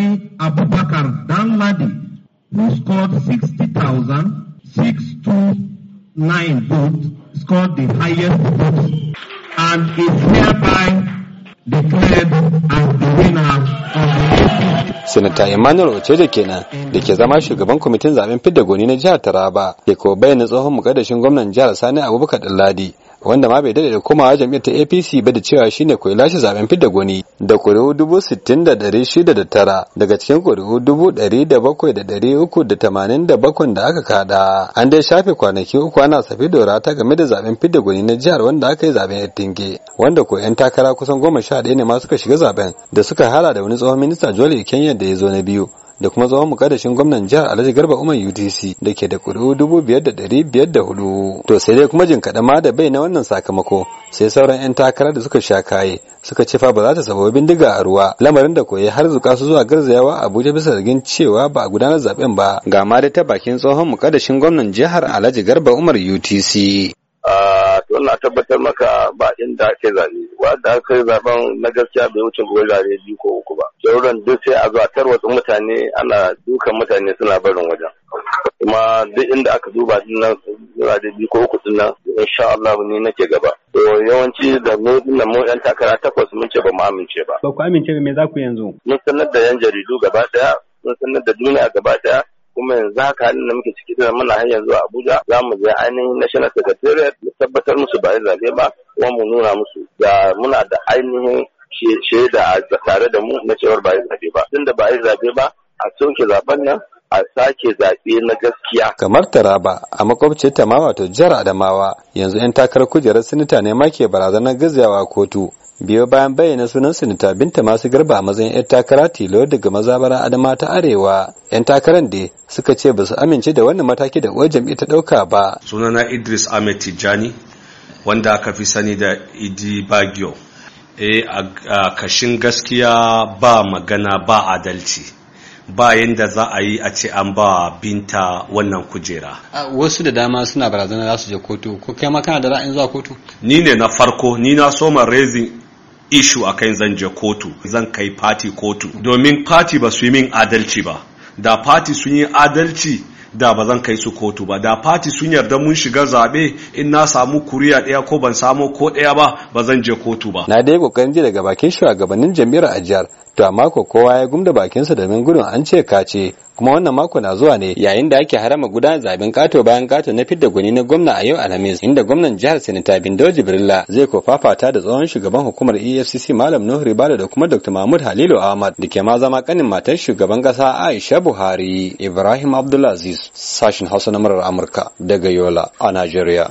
Sani Abubakar Danladi, who scored 60,629 votes, scored the highest votes and is hereby Sanata Emmanuel Oceja kenan da ke zama shugaban kwamitin zaben fidda goni na jihar Taraba ke ko bayyana tsohon mukaddashin gwamnan jihar Sani Abubakar Ladi. wanda ma bai dade da komawa jam'iyyar ta APC ba da cewa shine koyi lashe zaben fidda gwani da kuri'u dubu sittin da ɗari shida da tara daga cikin kuri'u dubu ɗari da bakwai da ɗari uku da tamanin da bakwai da aka kada an dai shafe kwanaki uku ana safi dora ta game da zaben fidda gwani na jihar wanda aka yi zaben yattinge wanda ko 'yan takara kusan goma sha ɗaya ne ma suka shiga zaben da suka hada da wani tsohon minista jole Kenya da ya zo na biyu da kuma tsohon mukaddashin gwamnan jihar Alhaji Garba Umar UTC da ke da kuri'u dubu biyar da ɗari biyar da hudu to sai dai kuma jin kaɗan ma da bai na wannan sakamako sai sauran 'yan takarar da suka sha kaye suka ce ba za ta sababa bindiga a ruwa lamarin da koyi har zuka su zuwa garzayawa abuja bisa zargin cewa ba a gudanar zaben ba ga ma ta bakin tsohon mukaddashin gwamnan jihar alhaji garba umar utc to na tabbatar maka ba inda ake wa da aka yi zaben na gaskiya bai wuce zabe biyu ko uku ba jaruran duk sai a zuwa tarwatsa mutane ana dukan mutane suna barin wajen kuma duk inda aka duba dinnan zabe biyu ko uku dinnan insha Allah ni nake gaba to yawanci da mu da mu yan takara takwas mun ce ba mu amince ba ba ku amince ba me za ku yanzu mun sanar da yan jaridu gaba daya mun sanar da duniya gaba daya kuma yanzu haka halin da muke ciki da muna hanyar zuwa Abuja za mu je ainihin National Secretariat mu tabbatar musu ba zabe ba kuma mu nuna musu da muna da ainihin shaida tare da mu na cewar ba zabe ba tunda ba zabe ba a soke zaben nan a sake zaɓe na gaskiya. Kamar Taraba a makwabciyar ta wato jihar Adamawa yanzu 'yan takarar kujerar sinita ne ma ke barazanar gazawa kotu. Biyo bayan bayyana sunan sinita binta masu garba a matsayin 'yan takara tilo daga mazabara Adama ta Arewa. 'Yan takarar da suka ce ba su amince da wannan mataki da uwar jam'i ta ɗauka ba. Sunana Idris Ahmed Tijjani wanda aka fi sani da Idi Bagio. Eh a kashin gaskiya ba magana ba adalci. Bayan da za a yi a ce an ba binta wannan kujera. Wasu da dama suna barazana za su je kotu ko kai ma kana da ra'ayin zuwa kotu? Ni ne na farko ni na soma raising issue a kan zan je kotu zan kai fati kotu domin fati ba su yi min adalci ba da fati sun yi adalci da ba zan kai su kotu ba da fati sun yarda mun shiga zabe in na samu kuriya daya ko ban samu ko daya ba ba zan je kotu ba na dai kokarin ji daga bakin shugabannin jami'ar ajiyar to amma ko kowa ya gumda bakinsa min gudun an ce kace kuma wannan mako na zuwa ne yayin da ake harama gudanar zaben kato bayan kato na fidda gwani na gwamna a yau alhamis inda gwamnan jihar sanita bindo jibrilla zai ko fafata da tsohon shugaban hukumar efcc malam nuhu ribalo da kuma dr mahmud halilu ahmad da ke ma zama kanin matar shugaban kasa aisha buhari ibrahim abdulaziz sashin hausa na murar amurka daga yola a najeriya